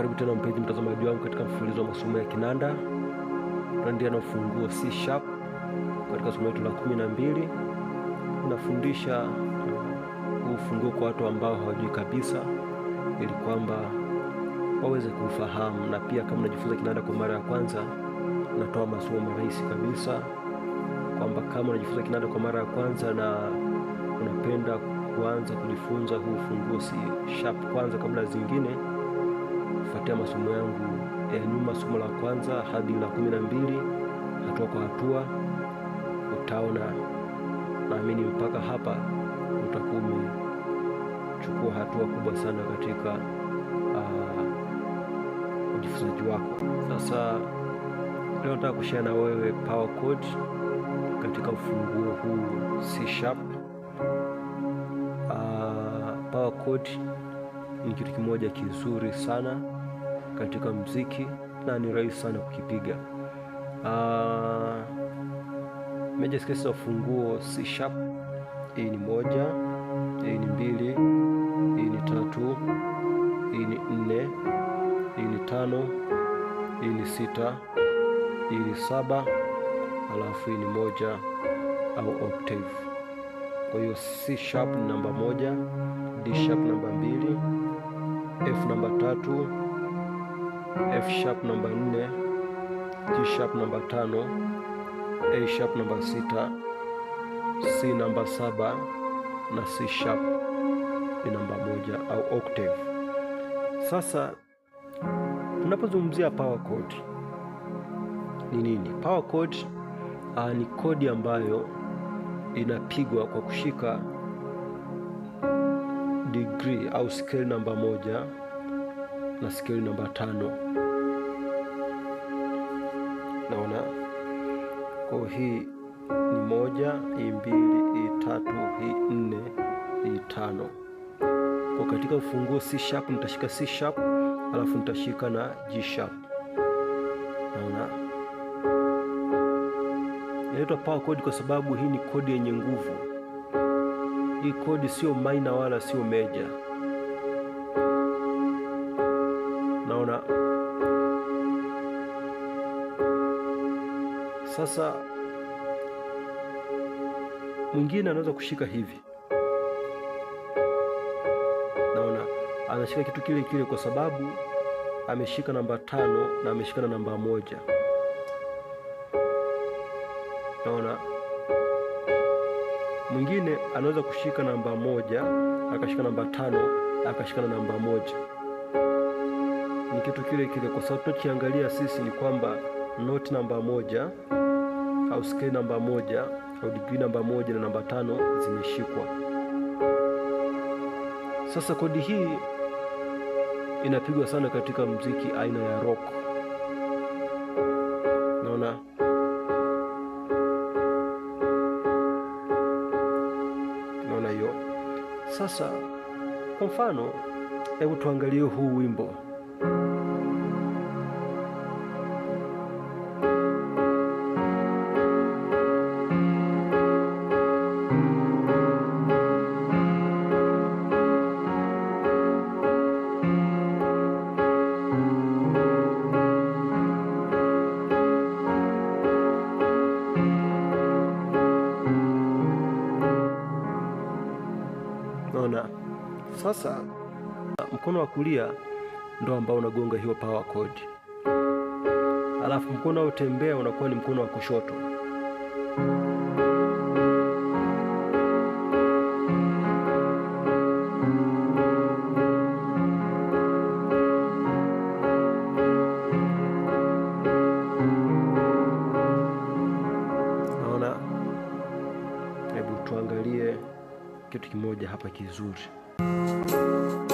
Karibu tena mpenzi mtazamaji wangu katika mfululizo wa masomo ya kinanda, tunaendelea na ufunguo C sharp katika somo letu la kumi na mbili. unafundisha ufunguo kwa watu ambao hawajui kabisa, ili kwamba waweze kuufahamu, na pia kama unajifunza kinanda kwa mara ya kwanza, natoa masomo marahisi kabisa kwamba kama unajifunza kinanda kwa mara ya kwanza na unapenda kuanza kujifunza huu ufunguo C sharp kwanza kabla zingine kupitia masomo yangu ya nyuma, somo la kwanza hadi la kumi na mbili, hatua kwa hatua utaona, naamini mpaka hapa utakuwa umechukua hatua kubwa sana katika uh, ujifunzaji wako. Sasa leo nataka kushare na wewe power chord katika ufunguo huu C sharp. Uh, power chord ni kitu kimoja kizuri sana katika mziki na ni rahisi sana kukipiga. Uh, major scales za ufunguo C sharp, hii e ni moja, hii e ni mbili, hii e ni tatu, hii ni nne, hii ni tano, hii ni sita, hii ni saba, alafu hii ni moja au octave. Kwa hiyo C sharp namba moja, D sharp namba mbili, F namba tatu F sharp namba 4, G sharp namba 5, A sharp namba 6, C namba 7 na C sharp ni namba moja au octave. Sasa tunapozungumzia power chord ni nini? Power chord uh, ni kodi ambayo inapigwa kwa kushika degree au scale namba moja na scale namba tano. Naona kwa hii ni moja, hii mbili, hii tatu, hii nne, hii tano. Kwa katika ufunguo C sharp nitashika C sharp, alafu nitashika na G sharp. Naona inaitwa power chord kwa sababu hii ni kodi yenye nguvu. Hii kodi sio minor wala sio major. Sasa mwingine anaweza kushika hivi, naona anashika kitu kile kile kwa sababu ameshika namba tano na ameshika na namba moja. Naona mwingine anaweza kushika namba moja akashika namba tano akashika na namba moja. Ni kitu kile kile, kwa sababu tunachoangalia sisi ni kwamba noti namba moja au skeli namba moja au digrii namba moja na namba tano zimeshikwa. Sasa kodi hii inapigwa sana katika mziki aina ya rock. Naona naona hiyo. Sasa kwa mfano, hebu tuangalie huu wimbo. Sasa mkono wa kulia ndo ambao unagonga hiyo power cord, alafu mkono unaotembea unakuwa ni mkono wa kushoto. Naona, hebu tuangalie kitu kimoja hapa kizuri. you.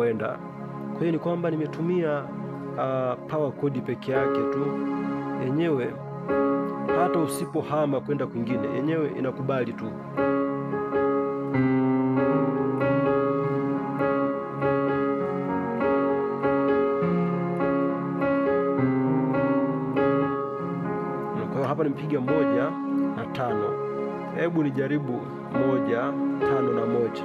tunapoenda. Kwa hiyo ni kwamba nimetumia uh, power kodi peke yake tu, yenyewe hata usipohama kwenda kwingine, yenyewe inakubali tu. Hapa nimepiga moja na tano. Hebu nijaribu moja tano na moja.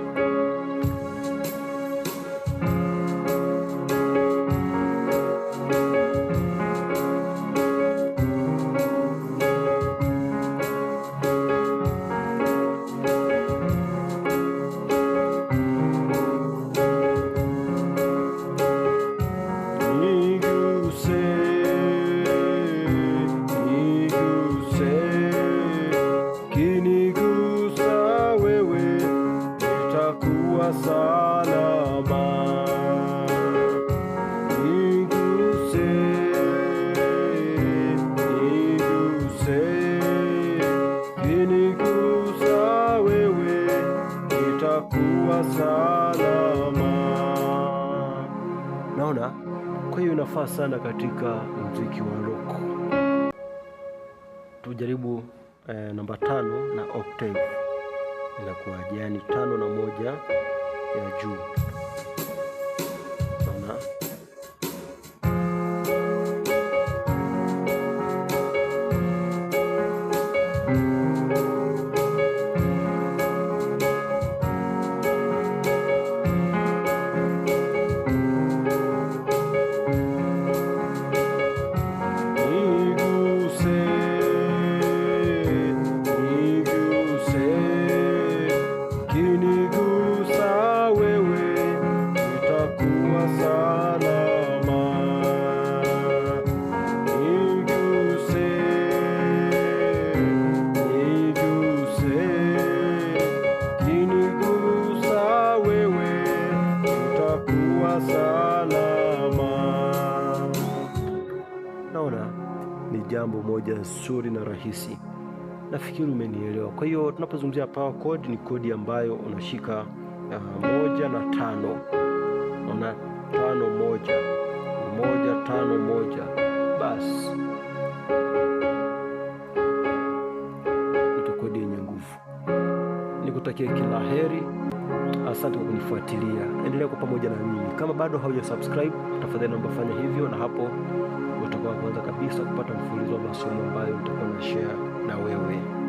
inafaa sana katika mziki wa rock. Tujaribu eh, namba tano na octave inakuwaje? Yaani tano na moja ya juu. moja nzuri na rahisi. Nafikiri umenielewa. Kwa hiyo tunapozungumzia power chord, ni kodi ambayo unashika uh, moja na tano, na tano moja moja tano moja, basi ndio kodi yenye nguvu. Nikutakia kila heri. Asante kwa kunifuatilia, endelea kwa pamoja na mimi. Kama bado hauja subscribe, tafadhali naomba fanya hivyo, na hapo utakuwa kwanza kabisa kupata mfululizo wa masomo ambayo nitakuwa na share na wewe.